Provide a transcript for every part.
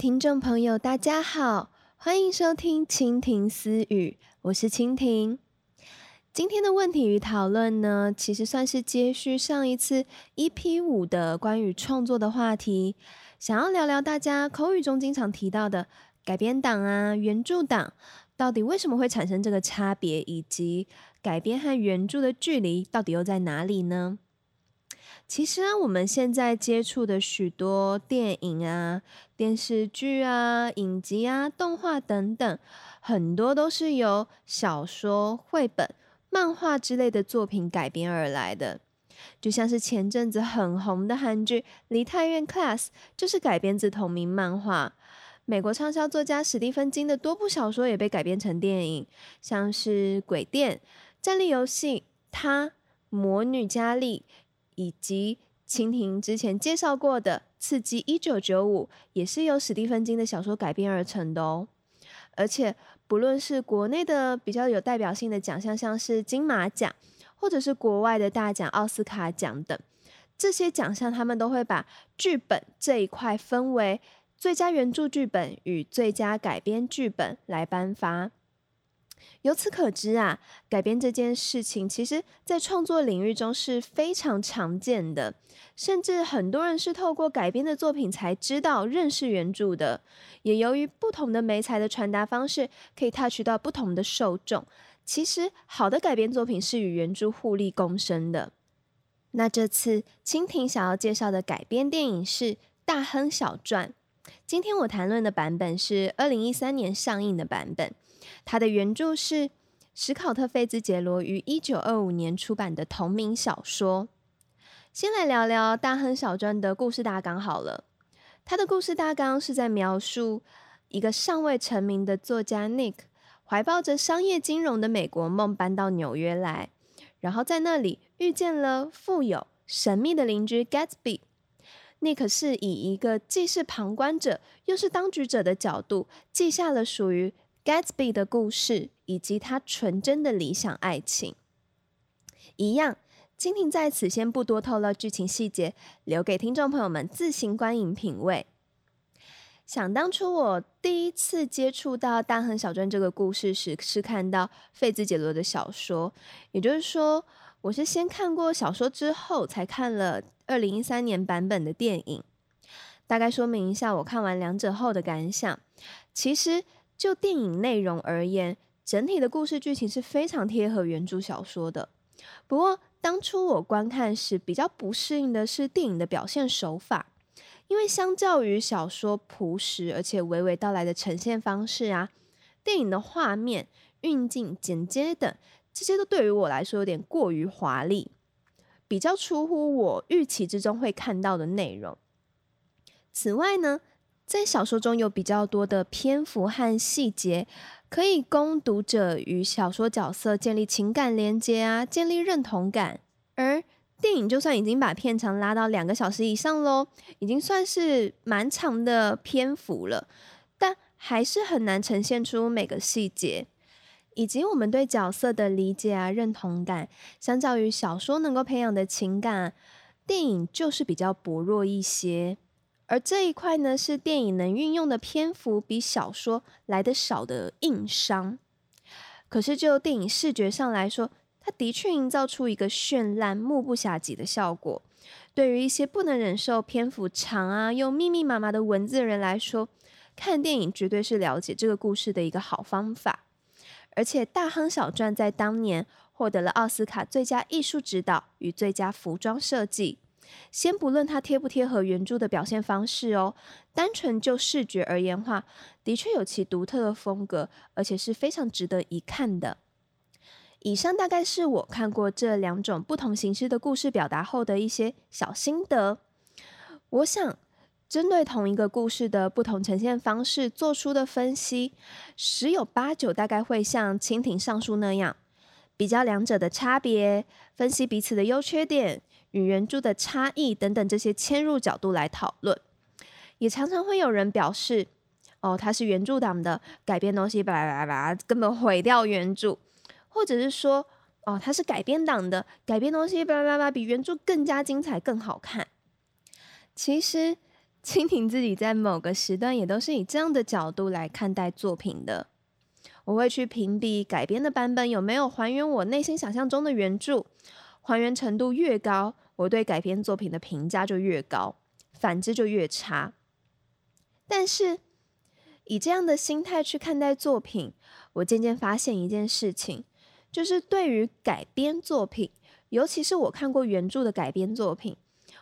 聽眾朋友，大家好，歡迎收聽《蜻蜓私語》，我是蜻蜓。今天的問題與討論呢，其實算是接續上一次 EP 五的關於創作的話題，想要聊聊大家口語中經常提到的改編黨啊、原著黨，到底為什麼會產生這個差別，以及改編和原著的距離到底又在哪裡呢？其實啊，我們現在接觸的許多電影啊、電視劇啊、影集啊、動畫等等，很多都是由小說、繪本、漫畫之類的作品改編而來的。就像是前陣子很紅的韓劇《梨泰院 Class》，就是改編自同名漫畫。美國暢銷作家史蒂芬金的多部小說也被改編成電影，像是《鬼店》、《戰慄遊戲》、《他》、《魔女嘉莉》。以及蜻蜓之前介紹過的《刺激1995》也是由史蒂芬金的小說改編而成的哦。而且，不論是國內的比較有代表性的獎項，像是金馬獎，或者是國外的大獎奧斯卡獎等，這些獎項他們都會把劇本這一塊分為最佳原著劇本與最佳改編劇本來頒發。由此可知啊，改編這件事情，其實在創作領域中是非常常見的，甚至很多人是透過改編的作品才知道認識原著的。也由於不同的媒材的傳達方式，可以 touch 到不同的受眾。其實，好的改編作品是與原著互利共生的。那這次蜻蜓想要介紹的改編電影是《大亨小傳》，今天我談論的版本是二零一三年上映的版本。它的原著是史考特·費茲傑羅於一九二五年出版的同名小說。先來聊聊《大亨小傳》的故事大綱好了。它的故事大綱是在描述一個尚未成名的作家 Nick 懷抱着商業金融的美國夢搬到紐約來，然後在那裡遇見了富有神秘的鄰居 Gatsby。Nick 是以一個既是旁觀者又是當局者的角度記下了屬於。Gatsby 的故事以及他純真的理想愛情一樣，蜻蜓在此先不多透露劇情細節，留給聽眾朋友們自行觀影品味。想當初，我第一次接觸到《大亨小傳》這個故事時，是看到費茲傑羅的小說，也就是說，我是先看過小說之後才看了二零一三年版本的電影。大概說明一下我看完兩者後的感想，其實。就電影內容而言，整體的故事劇情是非常貼合原著小說的。不過，當初我觀看時比較不適應的是電影的表現手法，因為相較於小說樸實而且娓娓道來的呈現方式啊，電影的畫面、運鏡、剪接等這些都對於我來說有點過於華麗，比較出乎我預期之中會看到的內容。此外呢，在小說中有比較多的篇幅和細節，可以供讀者與小說角色建立情感連接啊，建立認同感。而電影就算已經把片長拉到兩個小時以上嘍，已經算是蠻長的篇幅了，但還是很難呈現出每個細節，以及我們對角色的理解啊、認同感。相較於小說能夠培養的情感、啊，電影就是比較薄弱一些。而這一塊呢，是電影能運用的篇幅比小說來得少的硬傷。可是就電影視覺上來說，它的確營造出一個絢爛、目不暇給的效果。對於一些不能忍受篇幅長啊又密密麻麻的文字的人來說，看電影絕對是了解這個故事的一個好方法。而且《大亨小傳》在當年獲得了奧斯卡最佳藝術指導與最佳服裝設計。先不論它貼不貼合原著的表現方式哦，單純就視覺而言的話，的確有其獨特的風格，而且是非常值得一看的。以上大概是我看過這兩種不同形式的故事表達後的一些小心得。我想，針對同一個故事的不同呈現方式做出的分析，十有八九大概會像蜻蜓上述那樣，比較兩者的差別，分析彼此的優缺點。與原著的差異等等這些切入角度來討論，也常常會有人表示：“哦，他是原著黨的改編東西，巴拉巴拉根本毀掉原著。”或者是說：“哦，他是改編黨的改編東西，巴拉巴拉比原著更加精彩、更好看。”其實，蜻蜓自己在某個時段也都是以這樣的角度來看待作品的。我會去評比改編的版本有沒有還原我內心想象中的原著。還原程度越高，我對改編作品的評價就越高，反之就越差。但是以這樣的心態去看待作品，我漸漸發現一件事情，就是對於改編作品，尤其是我看過原著的改編作品，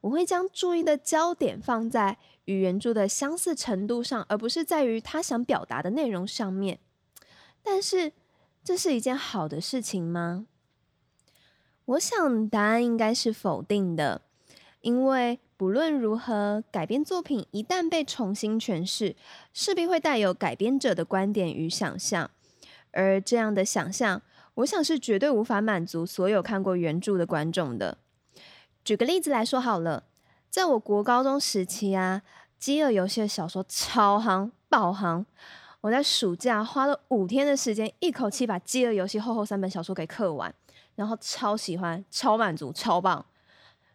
我會將注意的焦點放在與原著的相似程度上，而不是在於他想表達的內容上面。但是，這是一件好的事情嗎？我想答案應該是否定的，因為不論如何，改編作品一旦被重新詮釋，勢必會帶有改編者的觀點與想象，而這樣的想象，我想是絕對無法滿足所有看過原著的觀眾的。舉個例子來說好了，在我國高中時期啊，《饑餓遊戲》的小說超夯爆夯，我在暑假花了五天的時間，一口氣把《饑餓遊戲》厚厚三本小說給刻完。然後超喜歡、超滿足、超棒。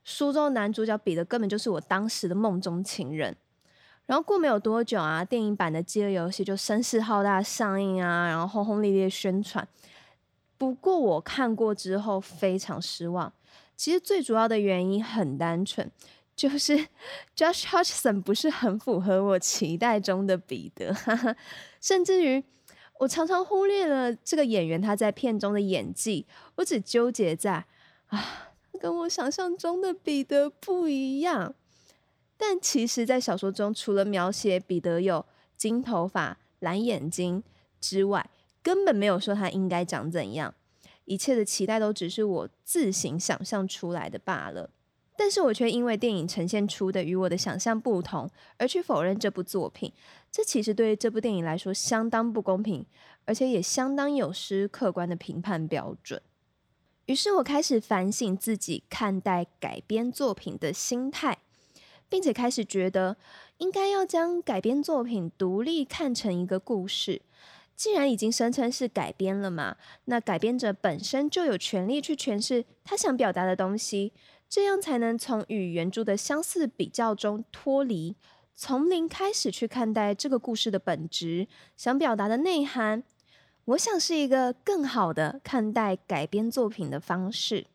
書中男主角彼得根本就是我當時的夢中情人。然後過沒有多久啊，電影版的《飢餓遊戲》就聲勢浩大的上映啊，然後轟轟烈烈宣傳。不過我看過之後非常失望。其實最主要的原因很單純，就是 Josh Hutchison 不是很符合我期待中的彼得，哈哈，甚至於。我常常忽略了這個演員他在片中的演技，我只糾結在，啊，跟我想象中的彼得不一樣。但其實，在小說中，除了描寫彼得有金頭髮、藍眼睛之外，根本沒有說他應該長怎樣。一切的期待都只是我自行想象出來的罷了。但是我卻因為電影呈現出的與我的想象不同而去否認這部作品，這其實對這部電影來說相當不公平，而且也相當有失客觀的評判標準。於是，我開始反省自己看待改編作品的心態，並且開始覺得應該要將改編作品獨立看成一個故事。既然已經聲稱是改編了嘛，那改編者本身就有權利去詮釋他想表達的東西。這樣才能從與原著的相似比較中脫離，從零開始去看待這個故事的本質，想表達的內涵。我想是一個更好的看待改編作品的方式。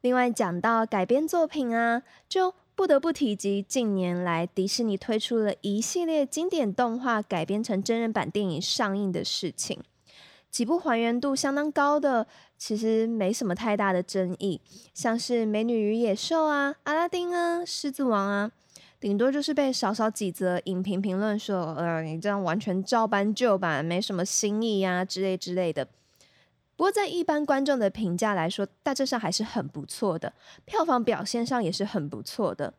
另外，講到改編作品啊，就不得不提及近年來迪士尼推出了一系列經典動畫改編成真人版電影上映的事情。幾部還原度相當高的，其實沒什麼太大的爭議，像是《美女與野獸》啊，《阿拉丁》啊，《獅子王》啊，頂多就是被少少幾則影評評論說：“呃，你這樣完全照搬舊版，沒什麼新意啊”之類之類的。不過在一般觀眾的評價來說，大致上還是很不錯的，票房表現上也是很不錯的。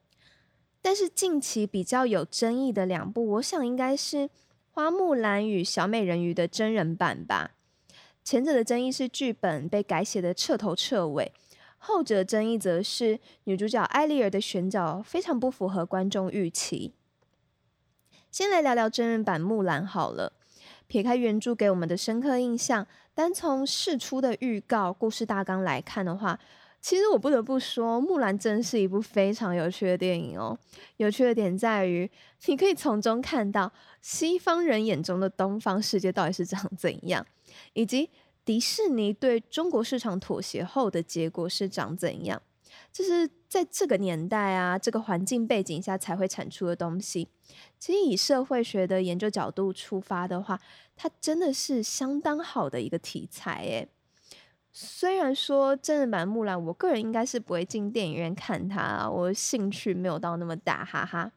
但是近期比較有爭議的兩部，我想應該是《花木蘭》與《小美人魚》的真人版吧。前者的爭議是劇本被改寫的徹頭徹尾，後者的爭議則是女主角艾麗兒的選角非常不符合觀眾預期。先來聊聊真人版《木蘭》好了，撇開原著給我們的深刻印象，單從釋出的預告故事大綱來看的話。其實我不得不說，《木蘭》真是一部非常有趣的電影哦。有趣的點在於，你可以從中看到西方人眼中的東方世界到底是長怎樣，以及迪士尼對中國市場妥協後的結果是長怎樣。這是在這個年代啊，這個環境背景下才會產出的東西。其實以社會學的研究角度出發的話，它真的是相當好的一個題材、欸，誒。雖然說真人版木蘭，我個人應該是不會進電影院看它，我興趣沒有到那麼大，哈哈。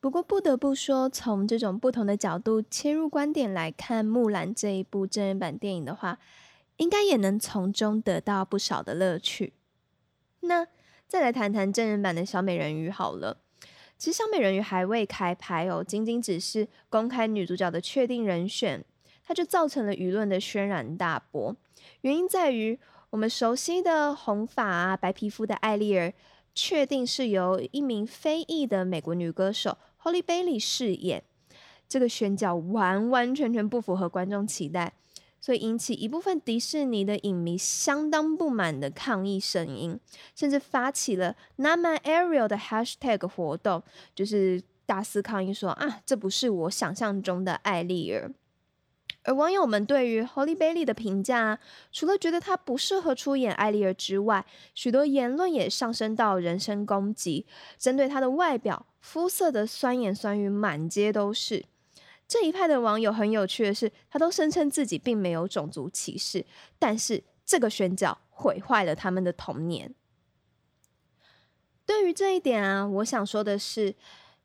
不過不得不說，從這種不同的角度切入觀點來看木蘭這一部真人版電影的話，應該也能從中得到不少的樂趣。那再來談談真人版的小美人魚好了，其實小美人魚還未開拍哦，僅僅只是公開女主角的確定人選。它就造成了輿論的軒然大波，原因在於我們熟悉的紅髮、啊、白皮膚的艾麗兒，確定是由一名非裔的美國女歌手 Holly Bailey 飾演，這個選角完完全全不符合觀眾期待，所以引起一部分迪士尼的影迷相當不滿的抗議聲音，甚至發起了 Not My Ariel 的 Hashtag 活動，就是大肆抗議說啊，這不是我想象中的艾麗兒。而網友們對於 Halle Bailey 的評價啊，除了覺得他不適合出演艾麗兒之外，許多言論也上升到人身攻擊，針對她的外表、膚色的酸言酸語滿街都是。這一派的網友很有趣的是，他都聲稱自己並沒有種族歧視，但是這個選角毀壞了他們的童年。對於這一點啊，我想說的是。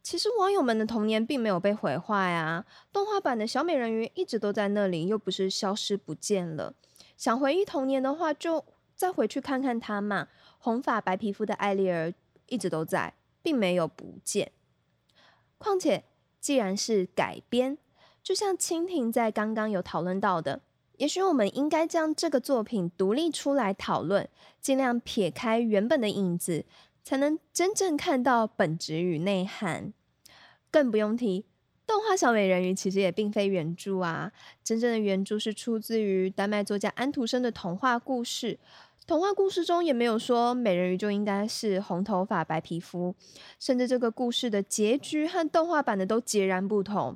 其實網友們的童年並沒有被毀壞啊！動畫版的小美人魚一直都在那裡，又不是消失不見了。想回憶童年的話，就再回去看看她嘛。紅髮白皮膚的艾麗兒一直都在，並沒有不見。況且，既然是改編，就像蜻蜓在剛剛有討論到的，也許我們應該將這個作品獨立出來討論，盡量撇開原本的影子。才能真正看到本質與內涵，更不用提動畫《小美人魚》其實也並非原著啊。真正的原著是出自於丹麥作家安徒生的童話故事，童話故事中也沒有說美人魚就應該是紅頭髮、白皮膚，甚至這個故事的結局和動畫版的都截然不同。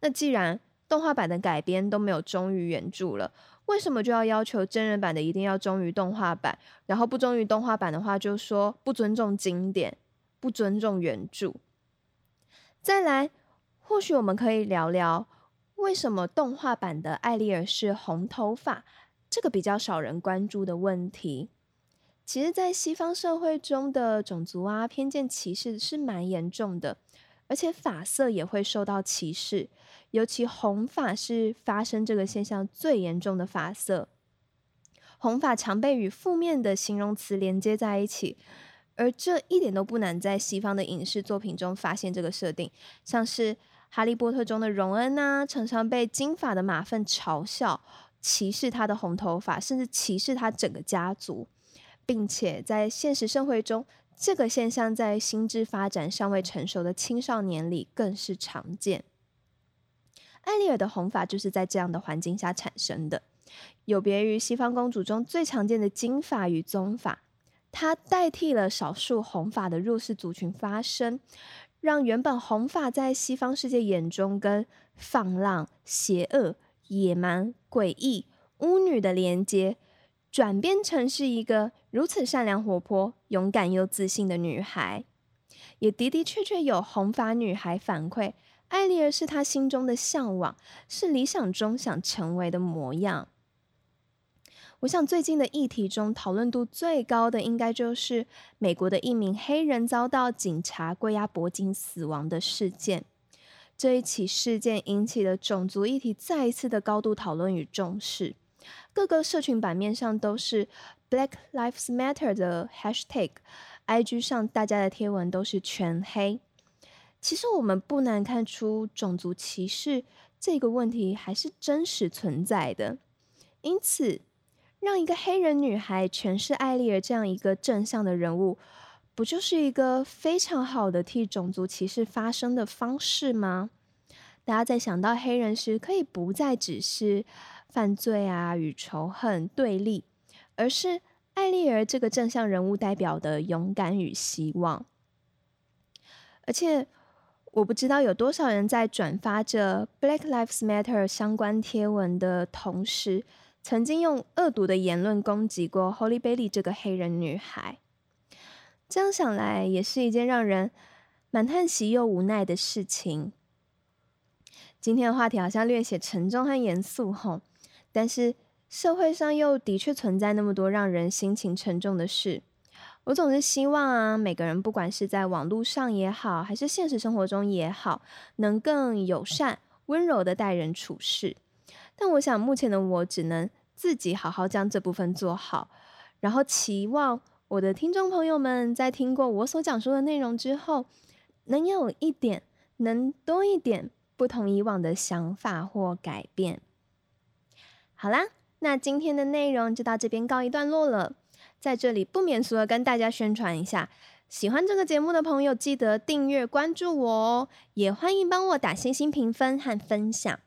那既然動畫版的改編都沒有忠於原著了，為什麼就要要求真人版的一定要忠於動畫版，然後不忠於動畫版的話，就說不尊重經典，不尊重原著。再來，或許我們可以聊聊為什麼動畫版的愛麗兒是紅頭髮，這個比較少人關注的問題。其實，在西方社會中的種族啊偏見歧視是蠻嚴重的。而且髮色也會受到歧視，尤其紅髮是發生這個現象最嚴重的髮色。紅髮常被與負面的形容詞連接在一起，而這一點都不難在西方的影視作品中發現這個設定，像是《哈利波特》中的榮恩啊，常常被金髮的馬份嘲笑、歧視他的紅頭髮，甚至歧視他整個家族，並且在現實社會中。這個現象在心智發展尚未成熟的青少年裡更是常見。艾麗爾的紅髮就是在這樣的環境下產生的。有別於西方公主中最常見的金髮與棕髮，它代替了少數紅髮的弱勢族群發聲，讓原本紅髮在西方世界眼中跟放浪、邪惡、野蠻、詭異、巫女的連接轉變成是一個如此善良、活潑、勇敢又自信的女孩，也的的確確有紅髮女孩反饋，愛麗兒是她心中的嚮往，是理想中想成為的模樣。我想最近的議題中討論度最高的，應該就是美國的一名黑人遭到警察跪壓、脖頸死亡的事件。這一起事件引起了種族議題再一次的高度討論與重視。各個社群版面上都是 “Black Lives Matter” 的 Hashtag，IG 上大家的貼文都是全黑。其實我們不難看出，種族歧視這個問題還是真實存在的。因此，讓一個黑人女孩詮釋愛麗兒這樣一個正向的人物，不就是一個非常好的替種族歧視發聲的方式嗎？大家在想到黑人時，可以不再只是犯罪啊，與仇恨對立，而是艾麗兒這個正向人物代表的勇敢與希望。而且，我不知道有多少人在轉發着 “Black Lives Matter” 相關貼文的同時，曾經用惡毒的言論攻擊過 Halle Bailey 這個黑人女孩。這樣想來，也是一件讓人蠻嘆息又無奈的事情。今天的話題好像略顯沉重和嚴肅，吼。但是社會上又的確存在那麼多讓人心情沉重的事，我總是希望啊，每個人不管是在網絡上也好，還是現實生活中也好，能更友善、溫柔地待人處事。但我想，目前的我只能自己好好將這部分做好，然後期望我的聽眾朋友們在聽過我所講述的內容之後，能有一點，能多一點不同以往的想法或改變。好啦，那今天的內容就到這邊告一段落了。在這裡不免俗的跟大家宣傳一下，喜歡這個節目的朋友記得訂閱關注我哦，也歡迎幫我打星星評分和分享。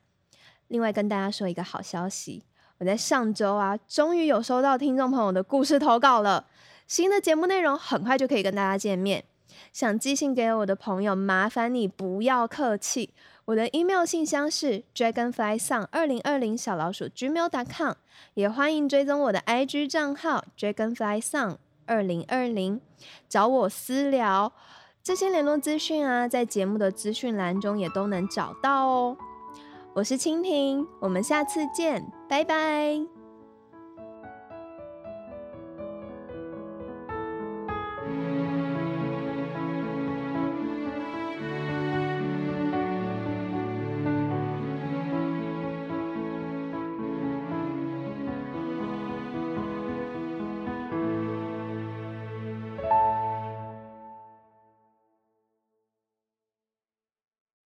另外跟大家說一個好消息，我在上周啊，終於有收到聽眾朋友的故事投稿了，新的節目內容很快就可以跟大家見面。想寄信給我的朋友，麻煩你不要客氣。我的 email 信箱是 dragonflysong 二零二零小老鼠 gmail.com，也歡迎追蹤我的 IG 賬號 dragonflysong 二零二零，找我私聊。這些聯絡資訊啊，在節目的資訊欄中也都能找到哦。我是蜻蜓，我們下次見，拜拜。